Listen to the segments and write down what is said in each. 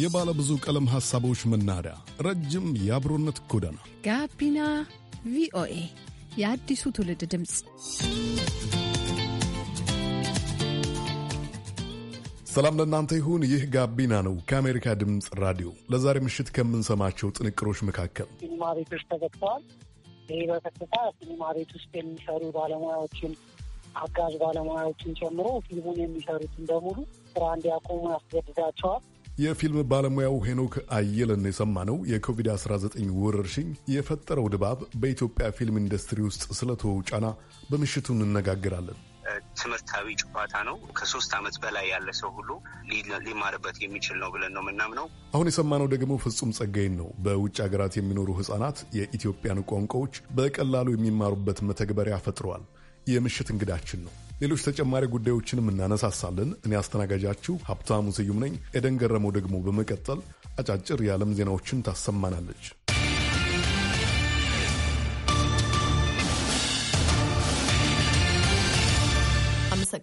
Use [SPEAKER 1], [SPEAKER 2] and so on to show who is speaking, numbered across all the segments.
[SPEAKER 1] የባለ ብዙ ቀለም ሐሳቦች መናኸሪያ፣ ረጅም የአብሮነት ጎዳና ጋቢና
[SPEAKER 2] ቪኦኤ የአዲሱ ትውልድ ድምፅ።
[SPEAKER 1] ሰላም ለእናንተ ይሁን። ይህ ጋቢና ነው ከአሜሪካ ድምፅ ራዲዮ። ለዛሬ ምሽት ከምንሰማቸው ጥንቅሮች መካከል
[SPEAKER 3] ሲኒማ ቤቶች ተዘግተዋል። ይህ በቀጥታ ሲኒማ ቤት ውስጥ የሚሰሩ ባለሙያዎችን አጋዥ ባለሙያዎችን ጨምሮ ፊልሙን የሚሰሩትን በሙሉ ስራ እንዲያቆሙ ያስገድዳቸዋል።
[SPEAKER 1] የፊልም ባለሙያው ሄኖክ አየለን የሰማነው የኮቪድ-19 ወረርሽኝ የፈጠረው ድባብ በኢትዮጵያ ፊልም ኢንዱስትሪ ውስጥ ስለተወው ጫና በምሽቱ እንነጋገራለን።
[SPEAKER 4] ትምህርታዊ ጨዋታ ነው። ከሶስት ዓመት በላይ ያለ ሰው ሁሉ ሊማርበት የሚችል ነው ብለን ነው የምናምነው።
[SPEAKER 1] አሁን የሰማነው ደግሞ ፍጹም ጸጋይን ነው። በውጭ ሀገራት የሚኖሩ ሕጻናት የኢትዮጵያን ቋንቋዎች በቀላሉ የሚማሩበት መተግበሪያ ፈጥረዋል። የምሽት እንግዳችን ነው። ሌሎች ተጨማሪ ጉዳዮችንም እናነሳሳለን። እኔ አስተናጋጃችሁ ሀብታሙ ስዩም ነኝ። ኤደን ገረመው ደግሞ በመቀጠል አጫጭር የዓለም ዜናዎችን ታሰማናለች።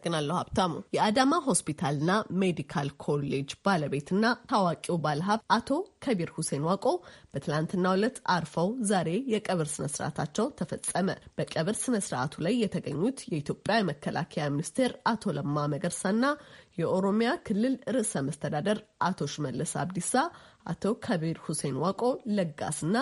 [SPEAKER 2] አመሰግናለሁ ሀብታሙ። የአዳማ ሆስፒታልና ሜዲካል ኮሌጅ ባለቤትና ታዋቂው ባለሀብት አቶ ከቢር ሁሴን ዋቆ በትላንትናው ዕለት አርፈው ዛሬ የቀብር ስነስርዓታቸው ተፈጸመ። በቀብር ስነስርዓቱ ላይ የተገኙት የኢትዮጵያ የመከላከያ ሚኒስቴር አቶ ለማ መገርሳና የኦሮሚያ ክልል ርዕሰ መስተዳደር አቶ ሽመለስ አብዲሳ አቶ ከቢር ሁሴን ዋቆ ለጋስና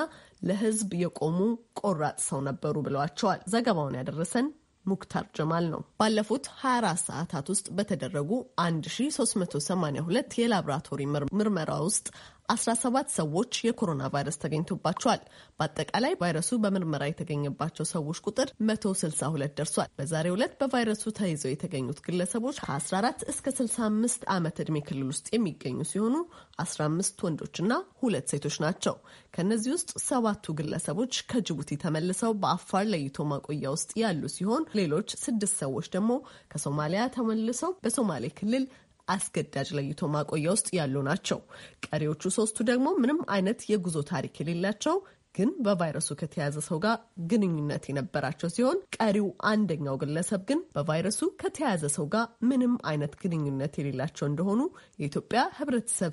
[SPEAKER 2] ለሕዝብ የቆሙ ቆራጥ ሰው ነበሩ ብለዋቸዋል። ዘገባውን ያደረሰን ሙክታር ጀማል ነው። ባለፉት 24 ሰዓታት ውስጥ በተደረጉ 1382 የላብራቶሪ ምርመራ ውስጥ 17 ሰዎች የኮሮና ቫይረስ ተገኝቶባቸዋል። በአጠቃላይ ቫይረሱ በምርመራ የተገኘባቸው ሰዎች ቁጥር 162 ደርሷል። በዛሬው ዕለት በቫይረሱ ተይዘው የተገኙት ግለሰቦች ከ14 እስከ 65 ዓመት ዕድሜ ክልል ውስጥ የሚገኙ ሲሆኑ 15 ወንዶችና ሁለት ሴቶች ናቸው። ከእነዚህ ውስጥ ሰባቱ ግለሰቦች ከጅቡቲ ተመልሰው በአፋር ለይቶ ማቆያ ውስጥ ያሉ ሲሆን ሌሎች ስድስት ሰዎች ደግሞ ከሶማሊያ ተመልሰው በሶማሌ ክልል አስገዳጅ ለይቶ ማቆያ ውስጥ ያሉ ናቸው። ቀሪዎቹ ሶስቱ ደግሞ ምንም አይነት የጉዞ ታሪክ የሌላቸው ግን በቫይረሱ ከተያዘ ሰው ጋር ግንኙነት የነበራቸው ሲሆን ቀሪው አንደኛው ግለሰብ ግን በቫይረሱ ከተያዘ ሰው ጋር ምንም አይነት ግንኙነት የሌላቸው እንደሆኑ የኢትዮጵያ ሕብረተሰብ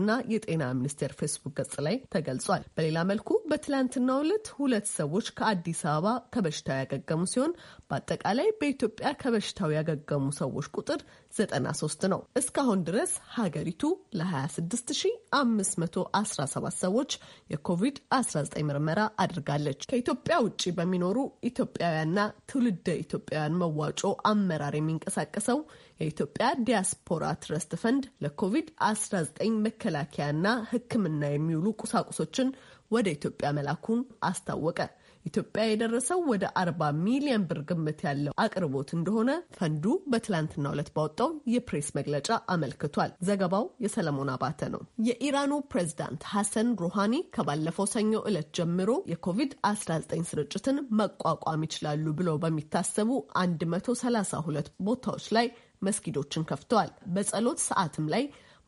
[SPEAKER 2] እና የጤና ሚኒስቴር ፌስቡክ ገጽ ላይ ተገልጿል። በሌላ መልኩ በትላንትናው ዕለት ሁለት ሰዎች ከአዲስ አበባ ከበሽታው ያገገሙ ሲሆን በአጠቃላይ በኢትዮጵያ ከበሽታው ያገገሙ ሰዎች ቁጥር 93 ነው። እስካሁን ድረስ ሀገሪቱ ለ26517 ሰዎች የኮቪድ-19 ምርመራ አድርጋለች። ከኢትዮጵያ ውጭ በሚኖሩ ኢትዮጵያውያንና ትውልደ ኢትዮጵያውያን መዋጮ አመራር የሚንቀሳቀሰው የኢትዮጵያ ዲያስፖራ ትረስት ፈንድ ለኮቪድ-19 መከላከያና ሕክምና የሚውሉ ቁሳቁሶችን ወደ ኢትዮጵያ መላኩን አስታወቀ። ኢትዮጵያ የደረሰው ወደ 40 ሚሊዮን ብር ግምት ያለው አቅርቦት እንደሆነ ፈንዱ በትላንትናው ዕለት ባወጣው የፕሬስ መግለጫ አመልክቷል። ዘገባው የሰለሞን አባተ ነው። የኢራኑ ፕሬዝዳንት ሐሰን ሩሃኒ ከባለፈው ሰኞ ዕለት ጀምሮ የኮቪድ-19 ስርጭትን መቋቋም ይችላሉ ብለው በሚታሰቡ 132 ቦታዎች ላይ መስጊዶችን ከፍተዋል። በጸሎት ሰዓትም ላይ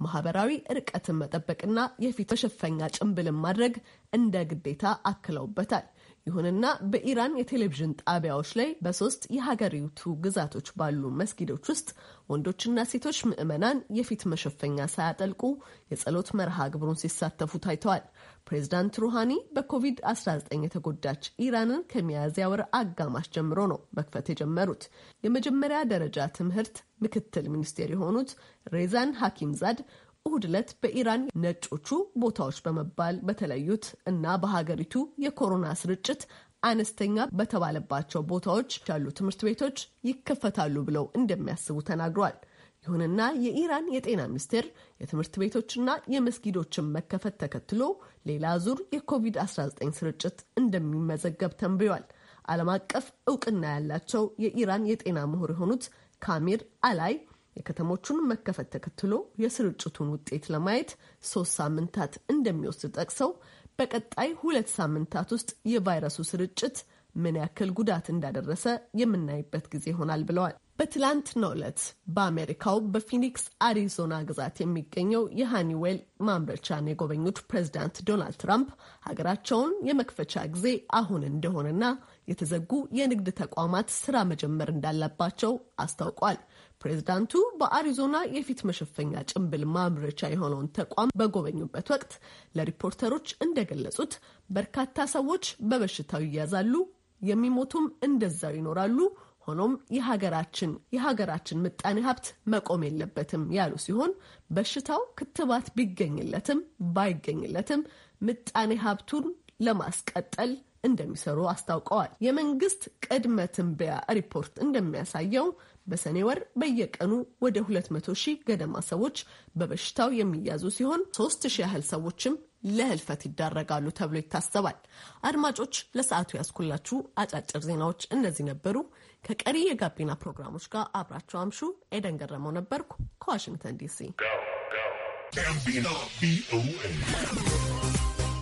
[SPEAKER 2] ማህበራዊ እርቀትን መጠበቅና የፊት መሸፈኛ ጭንብልን ማድረግ እንደ ግዴታ አክለውበታል። ይሁንና በኢራን የቴሌቪዥን ጣቢያዎች ላይ በሶስት የሀገሪቱ ግዛቶች ባሉ መስጊዶች ውስጥ ወንዶችና ሴቶች ምዕመናን የፊት መሸፈኛ ሳያጠልቁ የጸሎት መርሃ ግብሩን ሲሳተፉ ታይተዋል። ፕሬዚዳንት ሩሃኒ በኮቪድ-19 የተጎዳች ኢራንን ከሚያዝያ ወር አጋማሽ ጀምሮ ነው መክፈት የጀመሩት። የመጀመሪያ ደረጃ ትምህርት ምክትል ሚኒስቴር የሆኑት ሬዛን ሐኪም ዛድ እሁድ ዕለት በኢራን ነጮቹ ቦታዎች በመባል በተለዩት እና በሀገሪቱ የኮሮና ስርጭት አነስተኛ በተባለባቸው ቦታዎች ያሉ ትምህርት ቤቶች ይከፈታሉ ብለው እንደሚያስቡ ተናግሯል። ይሁንና የኢራን የጤና ሚኒስቴር የትምህርት ቤቶችና የመስጊዶችን መከፈት ተከትሎ ሌላ ዙር የኮቪድ-19 ስርጭት እንደሚመዘገብ ተንብዮአል። ዓለም አቀፍ እውቅና ያላቸው የኢራን የጤና ምሁር የሆኑት ካሚር አላይ የከተሞቹን መከፈት ተከትሎ የስርጭቱን ውጤት ለማየት ሶስት ሳምንታት እንደሚወስድ ጠቅሰው በቀጣይ ሁለት ሳምንታት ውስጥ የቫይረሱ ስርጭት ምን ያክል ጉዳት እንዳደረሰ የምናይበት ጊዜ ይሆናል ብለዋል። በትላንትናው ዕለት በአሜሪካው በፊኒክስ አሪዞና ግዛት የሚገኘው የሃኒዌል ማምረቻን የጎበኙት ፕሬዚዳንት ዶናልድ ትራምፕ ሀገራቸውን የመክፈቻ ጊዜ አሁን እንደሆነና የተዘጉ የንግድ ተቋማት ስራ መጀመር እንዳለባቸው አስታውቋል። ፕሬዚዳንቱ በአሪዞና የፊት መሸፈኛ ጭንብል ማምረቻ የሆነውን ተቋም በጎበኙበት ወቅት ለሪፖርተሮች እንደገለጹት በርካታ ሰዎች በበሽታው ይያዛሉ፣ የሚሞቱም እንደዛው ይኖራሉ። ሆኖም የሀገራችን የሀገራችን ምጣኔ ሀብት መቆም የለበትም ያሉ ሲሆን በሽታው ክትባት ቢገኝለትም ባይገኝለትም ምጣኔ ሀብቱን ለማስቀጠል እንደሚሰሩ አስታውቀዋል። የመንግስት ቅድመ ትንበያ ሪፖርት እንደሚያሳየው በሰኔ ወር በየቀኑ ወደ 200 ሺህ ገደማ ሰዎች በበሽታው የሚያዙ ሲሆን 3 ሺህ ያህል ሰዎችም ለህልፈት ይዳረጋሉ ተብሎ ይታሰባል። አድማጮች፣ ለሰዓቱ ያስኩላችሁ አጫጭር ዜናዎች እነዚህ ነበሩ። ከቀሪ የጋቢና ፕሮግራሞች ጋር አብራችሁ አምሹ። ኤደን ገረመው ነበርኩ ከዋሽንግተን ዲሲ።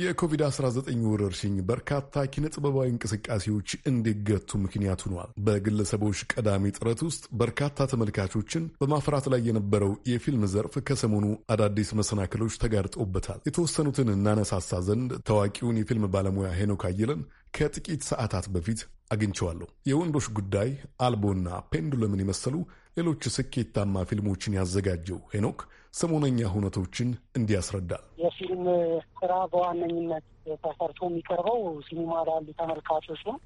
[SPEAKER 1] የኮቪድ-19 ወረርሽኝ በርካታ ኪነጥበባዊ እንቅስቃሴዎች እንዲገቱ ምክንያት ሆኗል። በግለሰቦች ቀዳሚ ጥረት ውስጥ በርካታ ተመልካቾችን በማፍራት ላይ የነበረው የፊልም ዘርፍ ከሰሞኑ አዳዲስ መሰናክሎች ተጋርጦበታል። የተወሰኑትን እናነሳሳ ዘንድ ታዋቂውን የፊልም ባለሙያ ሄኖክ አየለን ከጥቂት ሰዓታት በፊት አግኝቸዋለሁ። የወንዶች ጉዳይ፣ አልቦና ፔንዱለምን የመሰሉ ሌሎች ስኬታማ ፊልሞችን ያዘጋጀው ሄኖክ ሰሞነኛ ሁነቶችን እንዲያስረዳል።
[SPEAKER 3] የፊልም ስራ በዋነኝነት ተሰርቶ የሚቀርበው ሲኒማ ላሉ ተመልካቾች ነው።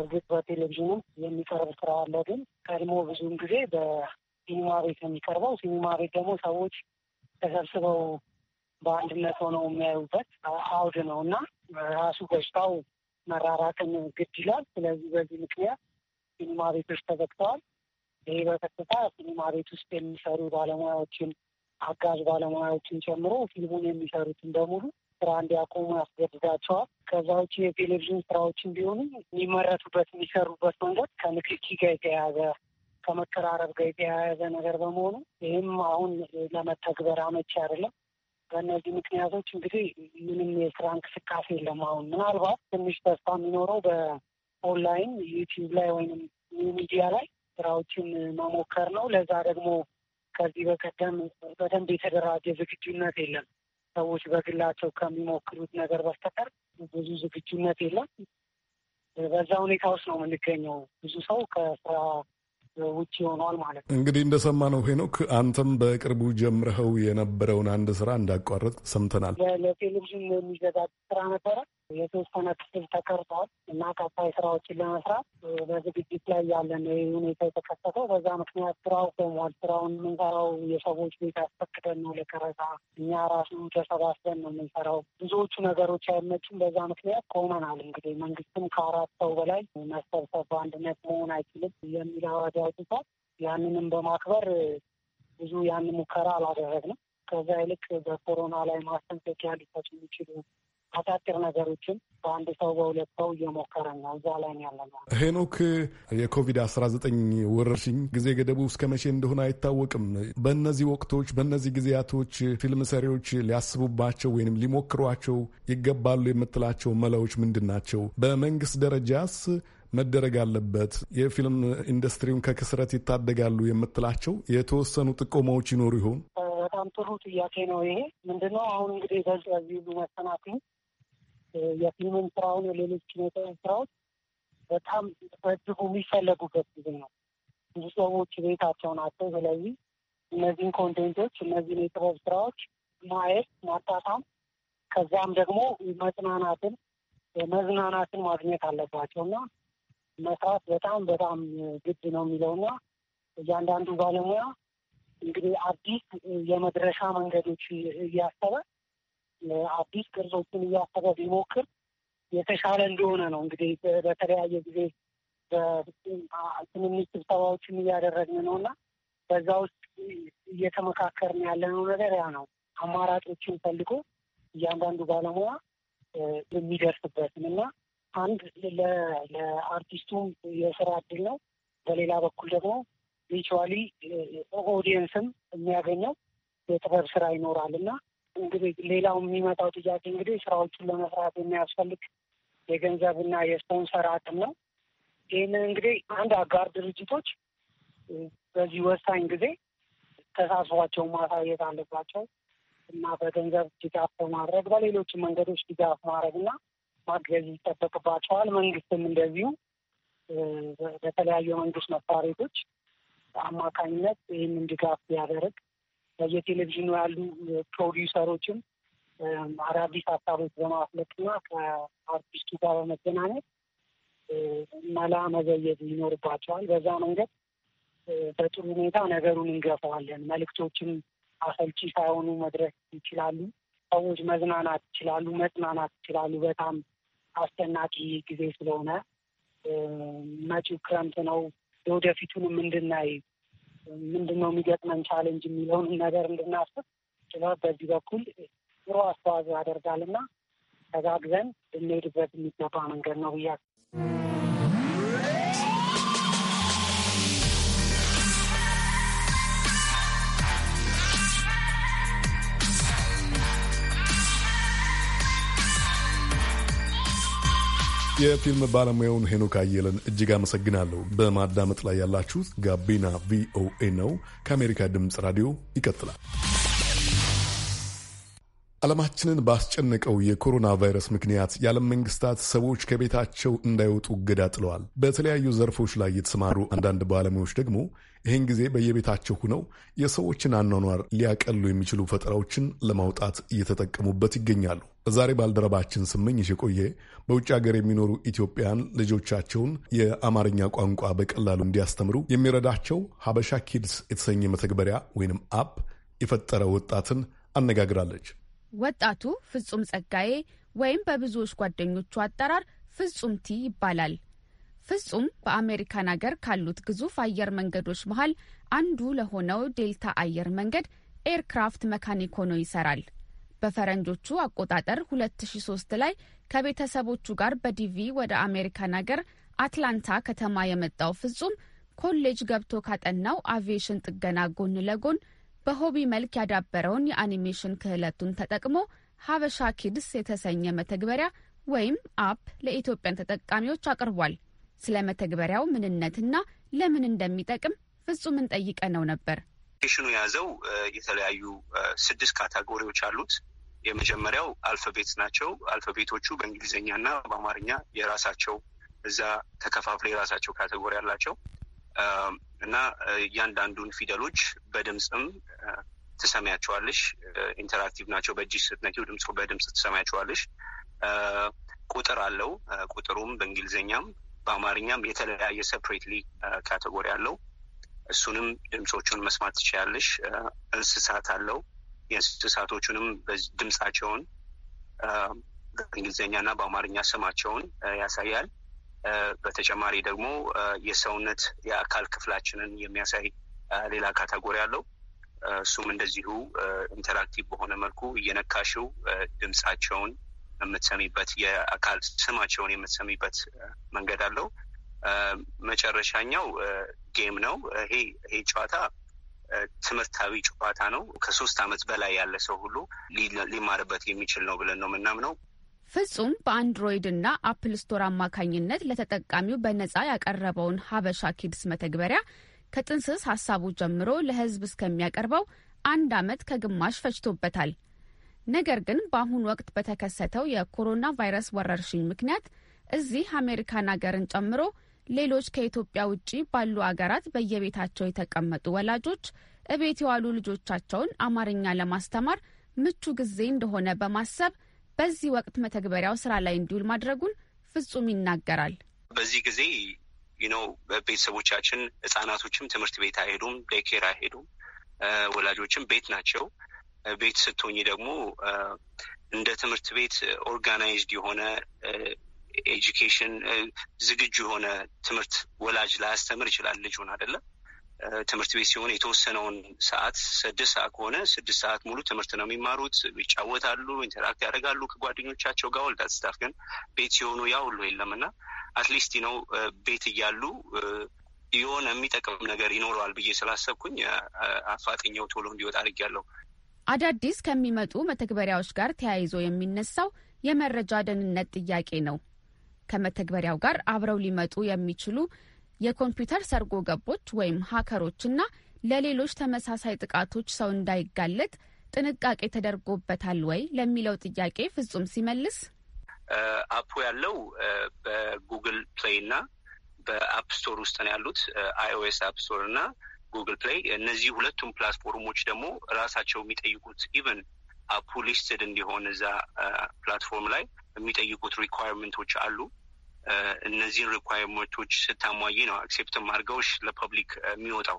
[SPEAKER 3] እርግጥ በቴሌቪዥንም የሚቀርብ ስራ አለ። ግን ቀድሞ ብዙውን ጊዜ በሲኒማ ቤት ነው የሚቀርበው። ሲኒማ ቤት ደግሞ ሰዎች ተሰብስበው በአንድነት ሆነው የሚያዩበት አውድ ነው እና ራሱ በሽታው መራራትን ግድ ይላል። ስለዚህ በዚህ ምክንያት ሲኒማ ቤቶች ተዘግተዋል። ይህ በቀጥታ ሲኒማ ቤት ውስጥ የሚሰሩ ባለሙያዎችን አጋዥ ባለሙያዎችን ጨምሮ ፊልሙን የሚሰሩትን በሙሉ ስራ እንዲያቆሙ ያስገድዳቸዋል። ከዛ ውጭ የቴሌቪዥን ስራዎችን ቢሆኑ የሚመረቱበት የሚሰሩበት መንገድ ከንክኪ ጋር የተያያዘ ከመቀራረብ ጋር የተያያዘ ነገር በመሆኑ ይህም አሁን ለመተግበር አመቺ አይደለም። በእነዚህ ምክንያቶች እንግዲህ ምንም የስራ እንቅስቃሴ የለም። አሁን ምናልባት ትንሽ ተስፋ የሚኖረው በኦንላይን ዩቲዩብ ላይ ወይም ሚዲያ ላይ ስራዎችን መሞከር ነው። ለዛ ደግሞ ከዚህ በቀደም በደንብ የተደራጀ ዝግጁነት የለም። ሰዎች በግላቸው ከሚሞክሩት ነገር በስተቀር ብዙ ዝግጁነት የለም። በዛ ሁኔታ ውስጥ ነው የምንገኘው። ብዙ ሰው ከስራ ውጭ ሆኗል ማለት
[SPEAKER 5] ነው።
[SPEAKER 1] እንግዲህ እንደሰማነው ሄኖክ፣ አንተም በቅርቡ ጀምረኸው የነበረውን አንድ ስራ እንዳቋረጥ ሰምተናል።
[SPEAKER 3] ለቴሌቪዥን የሚዘጋጅ ስራ ነበረ። የተወሰነ ክፍል ተቀርጧል እና ቀጣይ ስራዎችን ለመስራት በዝግጅት ላይ ያለን ሁኔታ የተከሰተው በዛ ምክንያት ስራው ቆሟል። ስራውን የምንሰራው የሰዎች ቤት አስፈቅደን ነው ለቀረጻ እኛ ራሱ ተሰባስበን ነው የምንሰራው። ብዙዎቹ ነገሮች አይመችም። በዛ ምክንያት ቆመናል። እንግዲህ መንግስትም ከአራት ሰው በላይ መሰብሰብ በአንድነት መሆን አይችልም የሚል አዋጅ አውጥቷል። ያንንም በማክበር ብዙ ያን ሙከራ አላደረግንም። ከዛ ይልቅ በኮሮና ላይ ማስጠንቀቂያ ሊሰጡ የሚችሉ አጫጭር ነገሮችን በአንድ ሰው በሁለት ሰው እየሞከረን ነው። እዛ ላይ
[SPEAKER 1] ያለ ነው። ሄኖክ፣ የኮቪድ አስራ ዘጠኝ ወረርሽኝ ጊዜ ገደቡ እስከ መቼ እንደሆነ አይታወቅም። በእነዚህ ወቅቶች በእነዚህ ጊዜያቶች ፊልም ሰሪዎች ሊያስቡባቸው ወይንም ሊሞክሯቸው ይገባሉ የምትላቸው መላዎች ምንድን ናቸው? በመንግስት ደረጃስ መደረግ አለበት የፊልም ኢንዱስትሪውን ከክስረት ይታደጋሉ የምትላቸው የተወሰኑ ጥቆማዎች ይኖሩ ይሆን?
[SPEAKER 3] በጣም ጥሩ ጥያቄ ነው። ይሄ ምንድነው አሁን እንግዲህ በዚህ መሰናክል የፊልምን ስራውን የሌሎች ኪነተ ስራዎች በጣም በእጅጉ የሚፈለጉበት ጊዜ ነው። ብዙ ሰዎች ቤታቸው ናቸው። ስለዚህ እነዚህን ኮንቴንቶች እነዚህን የጥበብ ስራዎች ማየት ማጣጣም፣ ከዛም ደግሞ መጽናናትን መዝናናትን ማግኘት አለባቸው እና መስራት በጣም በጣም ግድ ነው የሚለውና እያንዳንዱ ባለሙያ እንግዲህ አዲስ የመድረሻ መንገዶች እያሰበ አዲስ ቅርጾችን እያሰበ ቢሞክር የተሻለ እንደሆነ ነው። እንግዲህ በተለያየ ጊዜ ትንንሽ ስብሰባዎችን እያደረግን ነው እና በዛ ውስጥ እየተመካከርን ያለነው ነገር ያ ነው። አማራጮችን ፈልጎ እያንዳንዱ ባለሙያ የሚደርስበትን እና አንድ ለአርቲስቱም የስራ እድል ነው። በሌላ በኩል ደግሞ ቪቹዋሊ ኦዲየንስም የሚያገኘው የጥበብ ስራ ይኖራል እና እንግዲህ ሌላው የሚመጣው ጥያቄ እንግዲህ ስራዎችን ለመስራት የሚያስፈልግ የገንዘብና የስፖንሰር አቅም ነው። ይህንን እንግዲህ አንድ አጋር ድርጅቶች በዚህ ወሳኝ ጊዜ ተሳስቧቸውን ማሳየት አለባቸው እና በገንዘብ ድጋፍ በማድረግ በሌሎች መንገዶች ድጋፍ ማድረግና ማገዝ ይጠበቅባቸዋል። መንግስትም እንደዚሁ በተለያዩ የመንግስት መስሪያ ቤቶች አማካኝነት ይህንን ድጋፍ ቢያደርግ በየቴሌቪዥኑ ያሉ ፕሮዲውሰሮችም አዳዲስ ሀሳቦች በማፍለቅና ከአርቲስቱ ጋር በመገናኘት መላ መዘየድ ይኖርባቸዋል። በዛ መንገድ በጥሩ ሁኔታ ነገሩን እንገፋዋለን። መልእክቶችም አሰልቺ ሳይሆኑ መድረስ ይችላሉ። ሰዎች መዝናናት ይችላሉ፣ መጽናናት ይችላሉ። በጣም አስደናቂ ጊዜ ስለሆነ መጪው ክረምት ነው። የወደፊቱንም እንድናይ ምንድነው የሚገጥመን ቻሌንጅ የሚለውን ነገር እንድናስብ ችሏት በዚህ በኩል ጥሩ አስተዋጽኦ ያደርጋልና ተጋግዘን ልንሄድበት የሚገባ መንገድ ነው ብያ
[SPEAKER 1] የፊልም ባለሙያውን ሄኖክ አየለን እጅግ አመሰግናለሁ። በማዳመጥ ላይ ያላችሁት ጋቢና ቪኦኤ ነው። ከአሜሪካ ድምፅ ራዲዮ ይቀጥላል። ዓለማችንን ባስጨነቀው የኮሮና ቫይረስ ምክንያት የዓለም መንግስታት ሰዎች ከቤታቸው እንዳይወጡ እገዳ ጥለዋል። በተለያዩ ዘርፎች ላይ የተሰማሩ አንዳንድ ባለሙያዎች ደግሞ ይህን ጊዜ በየቤታቸው ሆነው የሰዎችን አኗኗር ሊያቀሉ የሚችሉ ፈጠራዎችን ለማውጣት እየተጠቀሙበት ይገኛሉ። ዛሬ ባልደረባችን ስመኝሽ የቆየ በውጭ ሀገር የሚኖሩ ኢትዮጵያን ልጆቻቸውን የአማርኛ ቋንቋ በቀላሉ እንዲያስተምሩ የሚረዳቸው ሀበሻ ኪድስ የተሰኘ መተግበሪያ ወይንም አፕ የፈጠረ ወጣትን አነጋግራለች።
[SPEAKER 6] ወጣቱ ፍጹም ጸጋዬ ወይም በብዙዎች ጓደኞቹ አጠራር ፍጹም ቲ ይባላል። ፍጹም በአሜሪካን አገር ካሉት ግዙፍ አየር መንገዶች መሀል አንዱ ለሆነው ዴልታ አየር መንገድ ኤርክራፍት መካኒክ ሆኖ ይሰራል። በፈረንጆቹ አቆጣጠር 2003 ላይ ከቤተሰቦቹ ጋር በዲቪ ወደ አሜሪካን አገር አትላንታ ከተማ የመጣው ፍጹም ኮሌጅ ገብቶ ካጠናው አቪዬሽን ጥገና ጎን ለጎን በሆቢ መልክ ያዳበረውን የአኒሜሽን ክህለቱን ተጠቅሞ ሀበሻ ኪድስ የተሰኘ መተግበሪያ ወይም አፕ ለኢትዮጵያን ተጠቃሚዎች አቅርቧል። ስለ መተግበሪያው ምንነትና ለምን እንደሚጠቅም ፍጹምን ጠይቀ ነው ነበር።
[SPEAKER 4] ሽኑ የያዘው የተለያዩ ስድስት ካታጎሪዎች አሉት። የመጀመሪያው አልፋቤት ናቸው። አልፋቤቶቹ በእንግሊዝኛና በአማርኛ የራሳቸው እዛ ተከፋፍለ የራሳቸው ካቴጎሪ አላቸው። እና እያንዳንዱን ፊደሎች በድምፅም ትሰሚያቸዋለሽ። ኢንተራክቲቭ ናቸው። በእጅ ስትነኪው ድምፁ በድምፅ ትሰሚያቸዋለሽ። ቁጥር አለው። ቁጥሩም በእንግሊዝኛም በአማርኛም የተለያየ ሰፕሬትሊ ካቴጎሪ አለው። እሱንም ድምፆቹን መስማት ትችያለሽ። እንስሳት አለው። የእንስሳቶቹንም ድምፃቸውን በእንግሊዝኛና በአማርኛ ስማቸውን ያሳያል። በተጨማሪ ደግሞ የሰውነት የአካል ክፍላችንን የሚያሳይ ሌላ ካታጎሪ አለው። እሱም እንደዚሁ ኢንተራክቲቭ በሆነ መልኩ እየነካሽው ድምጻቸውን የምትሰሚበት የአካል ስማቸውን የምትሰሚበት መንገድ አለው። መጨረሻኛው ጌም ነው። ይሄ ይሄ ጨዋታ ትምህርታዊ ጨዋታ ነው። ከሶስት አመት በላይ ያለ ሰው ሁሉ ሊማርበት የሚችል ነው ብለን ነው የምናምነው።
[SPEAKER 6] ፍጹም በአንድሮይድ እና አፕል ስቶር አማካኝነት ለተጠቃሚው በነጻ ያቀረበውን ሀበሻ ኪድስ መተግበሪያ ከጥንስስ ሀሳቡ ጀምሮ ለህዝብ እስከሚያቀርበው አንድ ዓመት ከግማሽ ፈጅቶበታል። ነገር ግን በአሁኑ ወቅት በተከሰተው የኮሮና ቫይረስ ወረርሽኝ ምክንያት እዚህ አሜሪካን አገርን ጨምሮ ሌሎች ከኢትዮጵያ ውጭ ባሉ አገራት በየቤታቸው የተቀመጡ ወላጆች እቤት የዋሉ ልጆቻቸውን አማርኛ ለማስተማር ምቹ ጊዜ እንደሆነ በማሰብ በዚህ ወቅት መተግበሪያው ስራ ላይ እንዲውል ማድረጉን ፍጹም ይናገራል።
[SPEAKER 4] በዚህ ጊዜ ነው ቤተሰቦቻችን፣ ህጻናቶችም ትምህርት ቤት አይሄዱም፣ ዴኬር አይሄዱም፣ ወላጆችም ቤት ናቸው። ቤት ስትሆኝ ደግሞ እንደ ትምህርት ቤት ኦርጋናይዝድ የሆነ ኤጁኬሽን ዝግጁ የሆነ ትምህርት ወላጅ ላያስተምር ይችላል ልጁን አይደለም ትምህርት ቤት ሲሆን የተወሰነውን ሰዓት ስድስት ሰዓት ከሆነ ስድስት ሰዓት ሙሉ ትምህርት ነው የሚማሩት። ይጫወታሉ፣ ኢንተራክት ያደርጋሉ ከጓደኞቻቸው ጋር ወልዳት ስታፍ ግን ቤት ሲሆኑ ያ ሁሉ የለም እና አትሊስት ነው ቤት እያሉ የሆነ የሚጠቅም ነገር ይኖረዋል ብዬ ስላሰብኩኝ አፋጥኛው ቶሎ እንዲወጣ አድርጊያለሁ።
[SPEAKER 6] አዳዲስ ከሚመጡ መተግበሪያዎች ጋር ተያይዞ የሚነሳው የመረጃ ደህንነት ጥያቄ ነው። ከመተግበሪያው ጋር አብረው ሊመጡ የሚችሉ የኮምፒውተር ሰርጎ ገቦች ወይም ሀከሮችና ለሌሎች ተመሳሳይ ጥቃቶች ሰው እንዳይጋለጥ ጥንቃቄ ተደርጎበታል ወይ ለሚለው ጥያቄ ፍጹም ሲመልስ
[SPEAKER 4] አፑ ያለው በጉግል ፕሌይ እና በአፕ ስቶር ውስጥ ነው ያሉት። አይኦኤስ አፕ ስቶር እና ጉግል ፕሌይ። እነዚህ ሁለቱም ፕላትፎርሞች ደግሞ ራሳቸው የሚጠይቁት ኢቨን አፑ ሊስትድ እንዲሆን እዛ ፕላትፎርም ላይ የሚጠይቁት ሪኳየርመንቶች አሉ። እነዚህን ሪኳርመንቶች ስታሟይ ነው አክሴፕትም አድርገውሽ ለፐብሊክ የሚወጣው።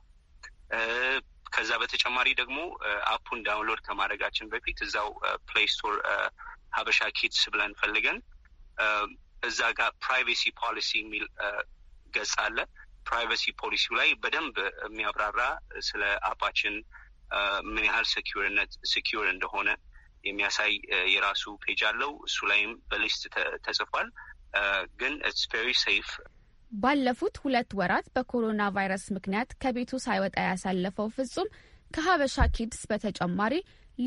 [SPEAKER 4] ከዛ በተጨማሪ ደግሞ አፑን ዳውንሎድ ከማድረጋችን በፊት እዛው ፕሌይ ስቶር ሀበሻ ኪድስ ብለን ፈልገን እዛ ጋር ፕራይቬሲ ፖሊሲ የሚል ገጽ አለ። ፕራይቬሲ ፖሊሲው ላይ በደንብ የሚያብራራ ስለ አፓችን ምን ያህል ሴኪርነት ሴኪር እንደሆነ የሚያሳይ የራሱ ፔጅ አለው። እሱ ላይም በሊስት ተጽፏል። ግን ኢትስ ሴፍ።
[SPEAKER 6] ባለፉት ሁለት ወራት በኮሮና ቫይረስ ምክንያት ከቤቱ ሳይወጣ ያሳለፈው ፍጹም ከሀበሻ ኪድስ በተጨማሪ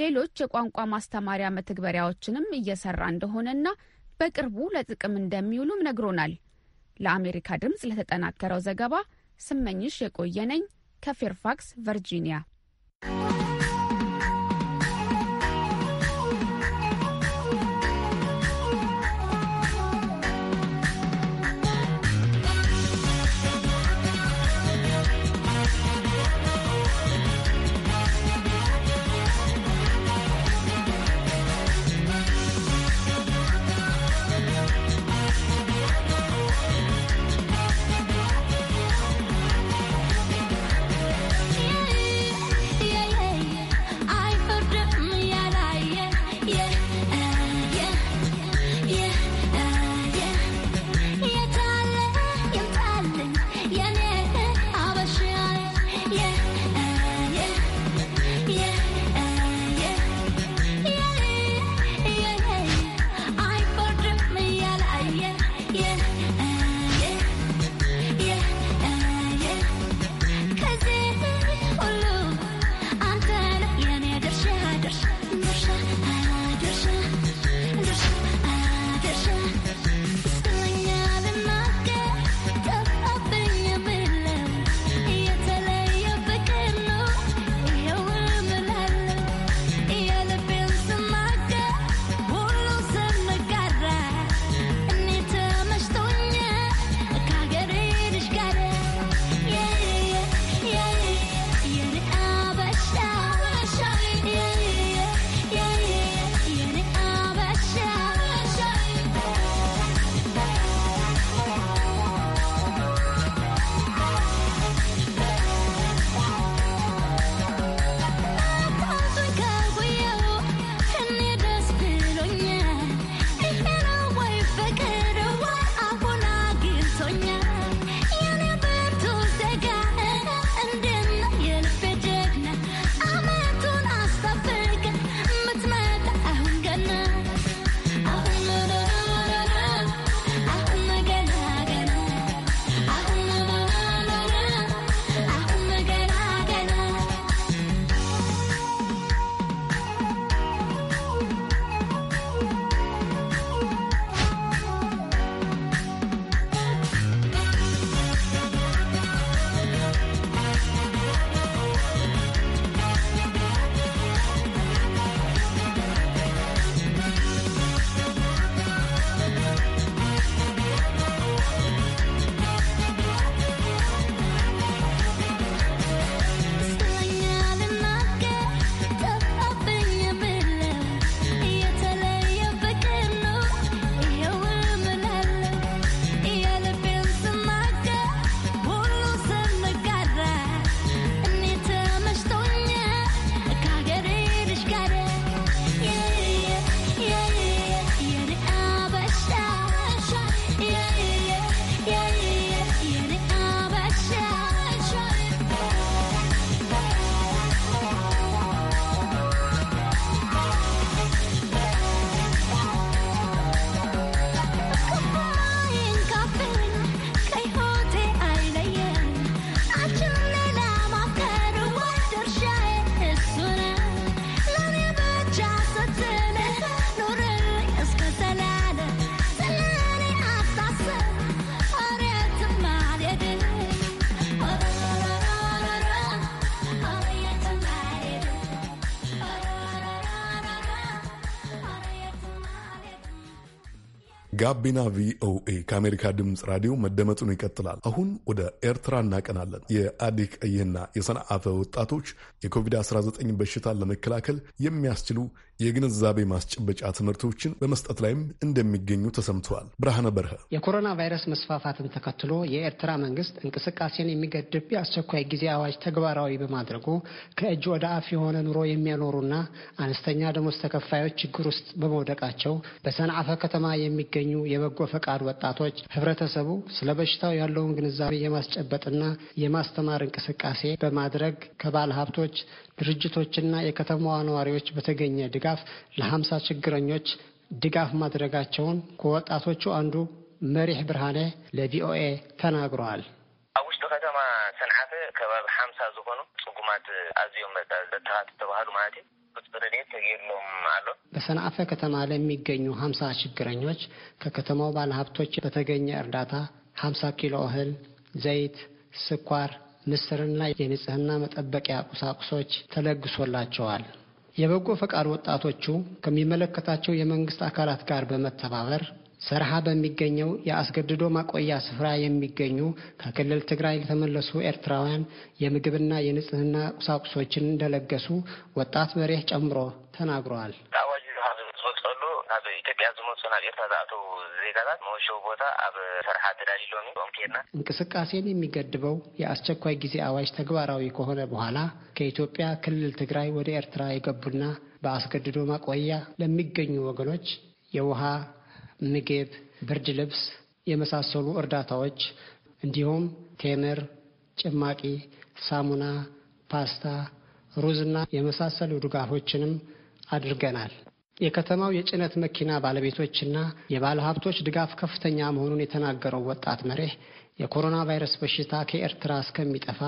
[SPEAKER 6] ሌሎች የቋንቋ ማስተማሪያ መተግበሪያዎችንም እየሰራ እንደሆነና በቅርቡ ለጥቅም እንደሚውሉም ነግሮናል። ለአሜሪካ ድምፅ ለተጠናከረው ዘገባ ስመኝሽ የቆየነኝ ከፌርፋክስ ቨርጂኒያ
[SPEAKER 1] ጋቢና ቪኦኤ ከአሜሪካ ድምፅ ራዲዮ መደመጡን ይቀጥላል። አሁን ወደ ኤርትራ እናቀናለን። የአዲ ቀይህና የሰንዓፈ ወጣቶች የኮቪድ-19 በሽታን ለመከላከል የሚያስችሉ የግንዛቤ ማስጨበጫ ትምህርቶችን በመስጠት ላይም እንደሚገኙ ተሰምተዋል። ብርሃነ በርሀ
[SPEAKER 7] የኮሮና ቫይረስ መስፋፋትን ተከትሎ የኤርትራ መንግስት እንቅስቃሴን የሚገድብ የአስቸኳይ ጊዜ አዋጅ ተግባራዊ በማድረጉ ከእጅ ወደ አፍ የሆነ ኑሮ የሚያኖሩና አነስተኛ ደሞዝ ተከፋዮች ችግር ውስጥ በመውደቃቸው በሰንዓፈ ከተማ የሚገኙ የበጎ ፈቃድ ወጣቶች ህብረተሰቡ ስለ በሽታው ያለውን ግንዛቤ የማስጨበጥና የማስተማር እንቅስቃሴ በማድረግ ከባለ ሀብቶች ድርጅቶችና የከተማዋ ነዋሪዎች በተገኘ ድጋፍ ድጋፍ ለሀምሳ ችግረኞች ድጋፍ ማድረጋቸውን ከወጣቶቹ አንዱ መሪሕ ብርሃነ ለቪኦኤ ተናግረዋል።
[SPEAKER 4] ኣብ ውሽጢ ከተማ ሰንሓፈ ከባቢ ሓምሳ ዝኾኑ ፅጉማት ኣዝዮም ዘተኻት ተባሃሉ ማለት እዩ
[SPEAKER 7] በሰንአፈ ከተማ ለሚገኙ ሀምሳ ችግረኞች ከከተማው ባለሀብቶች በተገኘ እርዳታ ሀምሳ ኪሎ እህል፣ ዘይት፣ ስኳር፣ ምስርና የንጽህና መጠበቂያ ቁሳቁሶች ተለግሶላቸዋል። የበጎ ፈቃድ ወጣቶቹ ከሚመለከታቸው የመንግስት አካላት ጋር በመተባበር ሰርሃ በሚገኘው የአስገድዶ ማቆያ ስፍራ የሚገኙ ከክልል ትግራይ የተመለሱ ኤርትራውያን የምግብና የንጽህና ቁሳቁሶችን እንደለገሱ ወጣት መሬህ ጨምሮ ተናግረዋል። ኢትዮጵያ ዝመፁና ኤርትራ
[SPEAKER 5] ዝኣተዉ ዜጋታት መሾ ቦታ ኣብ ስርሓ ሎሚ
[SPEAKER 7] ኦም ኬድና እንቅስቃሴን የሚገድበው የአስቸኳይ ጊዜ አዋጅ ተግባራዊ ከሆነ በኋላ ከኢትዮጵያ ክልል ትግራይ ወደ ኤርትራ የገቡና በአስገድዶ ማቆያ ለሚገኙ ወገኖች የውሃ፣ ምግብ፣ ብርድ ልብስ የመሳሰሉ እርዳታዎች እንዲሁም ቴምር፣ ጭማቂ፣ ሳሙና፣ ፓስታ፣ ሩዝና የመሳሰሉ ድጋፎችንም አድርገናል። የከተማው የጭነት መኪና ባለቤቶችና የባለ ሀብቶች ድጋፍ ከፍተኛ መሆኑን የተናገረው ወጣት መሪህ የኮሮና ቫይረስ በሽታ ከኤርትራ እስከሚጠፋ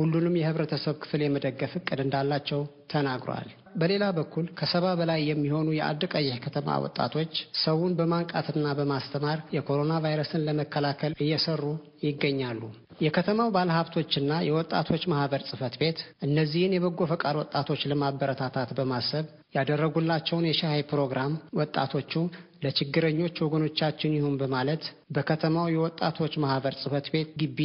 [SPEAKER 7] ሁሉንም የህብረተሰብ ክፍል የመደገፍ እቅድ እንዳላቸው ተናግሯል። በሌላ በኩል ከሰባ በላይ የሚሆኑ የአደቀየ ከተማ ወጣቶች ሰውን በማንቃትና በማስተማር የኮሮና ቫይረስን ለመከላከል እየሰሩ ይገኛሉ። የከተማው ባለሀብቶችና የወጣቶች ማህበር ጽህፈት ቤት እነዚህን የበጎ ፈቃድ ወጣቶች ለማበረታታት በማሰብ ያደረጉላቸውን የሻይ ፕሮግራም ወጣቶቹ ለችግረኞች ወገኖቻችን ይሁን በማለት በከተማው የወጣቶች ማህበር ጽህፈት ቤት ግቢ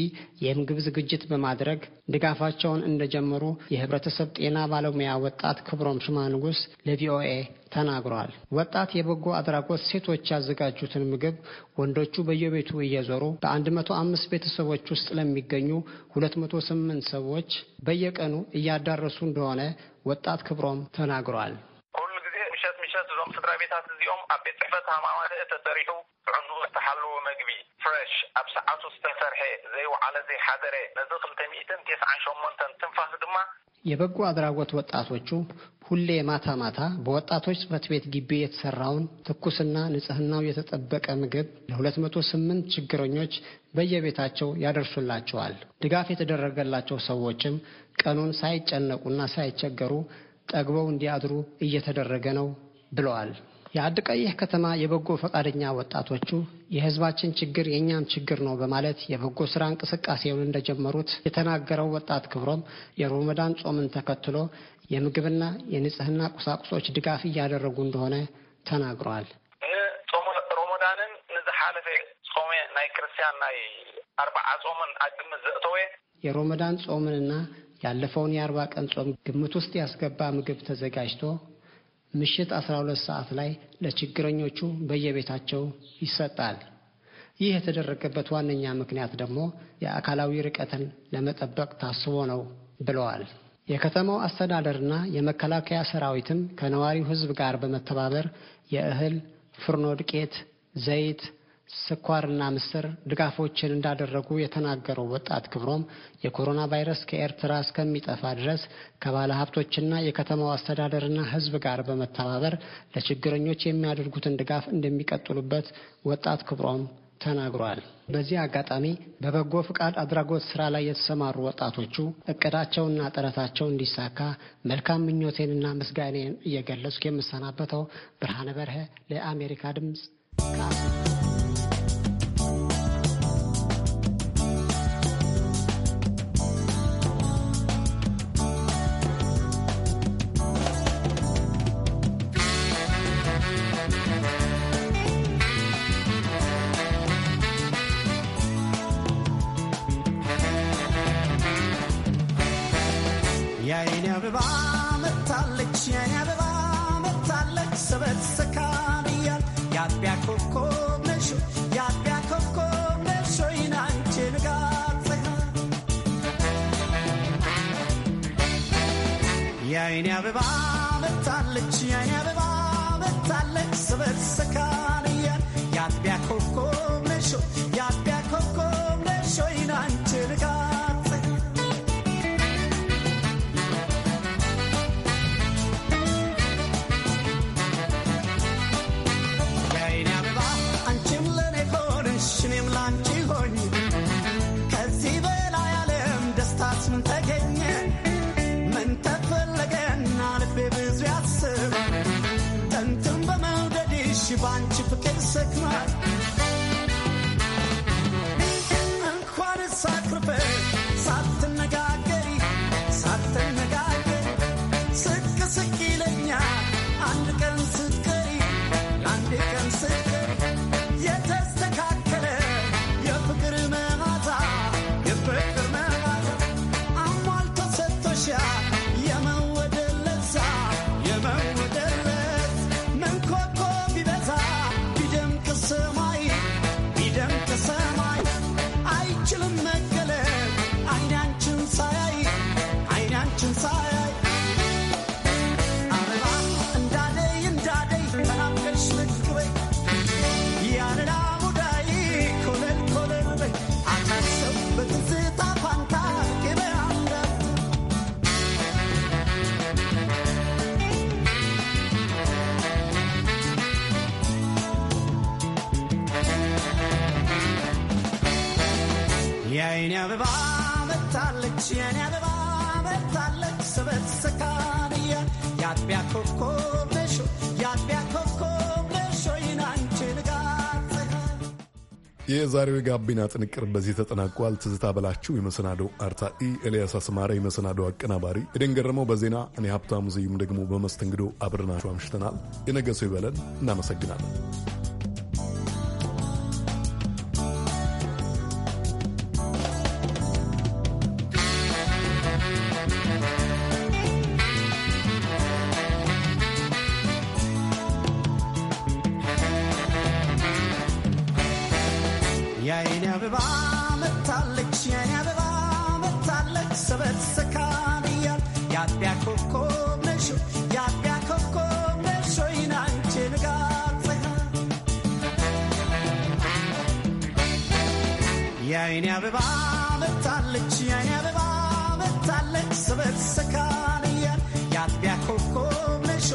[SPEAKER 7] የምግብ ዝግጅት በማድረግ ድጋፋቸውን እንደጀመሩ የህብረተሰብ ጤና ባለሙያ ወጣት ክብሮም ሽማንጉስ ለቪኦኤ ተናግረዋል። ወጣት የበጎ አድራጎት ሴቶች ያዘጋጁትን ምግብ ወንዶቹ በየቤቱ እየዞሩ በ105 ቤተሰቦች ውስጥ ለሚገኙ 208 ሰዎች በየቀኑ እያዳረሱ እንደሆነ ወጣት ክብሮም ተናግረዋል።
[SPEAKER 3] እዞም
[SPEAKER 5] ስድራ ቤታት እዚኦም ኣብ ቤት ፅሕፈት ሃማማት ተሰሪሑ ጥዕኑ ዝተሓለዎ መግቢ ፍረሽ ኣብ ሰዓቱ
[SPEAKER 7] ዝተሰርሐ ዘይወዓለ ዘይሓደረ ነዚ ክልተ ሚእትን ቴስዓን ሸሞንተን ትንፋስ ድማ የበጎ አድራጎት ወጣቶቹ ሁሌ ማታ ማታ በወጣቶች ጽሕፈት ቤት ግቢ የተሰራውን ትኩስና ንጽህናው የተጠበቀ ምግብ ለ208 ችግረኞች በየቤታቸው ያደርሱላቸዋል። ድጋፍ የተደረገላቸው ሰዎችም ቀኑን ሳይጨነቁና ሳይቸገሩ ጠግበው እንዲያድሩ እየተደረገ ነው ብለዋል። የአድ ቀይህ ከተማ የበጎ ፈቃደኛ ወጣቶቹ የህዝባችን ችግር የእኛም ችግር ነው በማለት የበጎ ስራ እንቅስቃሴውን እንደጀመሩት የተናገረው ወጣት ክብሮም የሮመዳን ጾምን ተከትሎ የምግብና የንጽህና ቁሳቁሶች ድጋፍ እያደረጉ እንደሆነ ተናግረዋል። ሮሞዳንን ንዝሓለፈ
[SPEAKER 4] ጾሜ ናይ ክርስቲያን ናይ አርባዓ ጾምን አግምት
[SPEAKER 7] ዘእተወ የሮመዳን ጾምንና ያለፈውን የአርባ ቀን ጾም ግምት ውስጥ ያስገባ ምግብ ተዘጋጅቶ ምሽት 12 ሰዓት ላይ ለችግረኞቹ በየቤታቸው ይሰጣል። ይህ የተደረገበት ዋነኛ ምክንያት ደግሞ የአካላዊ ርቀትን ለመጠበቅ ታስቦ ነው ብለዋል። የከተማው አስተዳደርና የመከላከያ ሰራዊትም ከነዋሪው ሕዝብ ጋር በመተባበር የእህል ፍርኖ ዱቄት፣ ዘይት ስኳርና ምስር ድጋፎችን እንዳደረጉ የተናገረው ወጣት ክብሮም የኮሮና ቫይረስ ከኤርትራ እስከሚጠፋ ድረስ ከባለ ሀብቶችና የከተማው አስተዳደርና ሕዝብ ጋር በመተባበር ለችግረኞች የሚያደርጉትን ድጋፍ እንደሚቀጥሉበት ወጣት ክብሮም ተናግሯል። በዚህ አጋጣሚ በበጎ ፍቃድ አድራጎት ስራ ላይ የተሰማሩ ወጣቶቹ እቅዳቸውና ጥረታቸው እንዲሳካ መልካም ምኞቴንና ምስጋኔን እየገለጹ የምሰናበተው ብርሃነ በርሀ ለአሜሪካ ድምፅ
[SPEAKER 5] የአይኔ
[SPEAKER 8] አበባ መታለች የአይኔ አበባ መታለች ሰበት ሰካም የአጥቢያ ኮከብ ነሽ የአጥቢያ ኮከብ ነሽ ይናንቺ ንጋት የአይኔ አበባ የአይኔ አበባ በታለች የኔ አበባ በታለች መታለች ሰበሰካንያ የአጥቢያ ኮከብ ነሾ የአጥቢያ ኮከብ ነሾ ይናንችን
[SPEAKER 1] የዛሬው የጋቢና ጥንቅር በዚህ ተጠናቋል። ትዝታ በላችሁ የመሰናዶ አርታኢ፣ ኤልያስ አስማረ የመሰናዶ አቀናባሪ፣ ኤደን ገረመው በዜና እኔ ሀብታሙ ስዩም ደግሞ በመስተንግዶ አብረናችሁ አምሽተናል። የነገ ሰው ይበለን። እናመሰግናለን።
[SPEAKER 8] የአይኔ አበባ መታለች የአይኔ አበባ መታለች ስበት ሰካንያን የአጥቢያ ኮኮብ ነሾ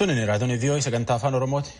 [SPEAKER 6] Tuni raatuun vii'ooyi sagantaa afaan Oromooti.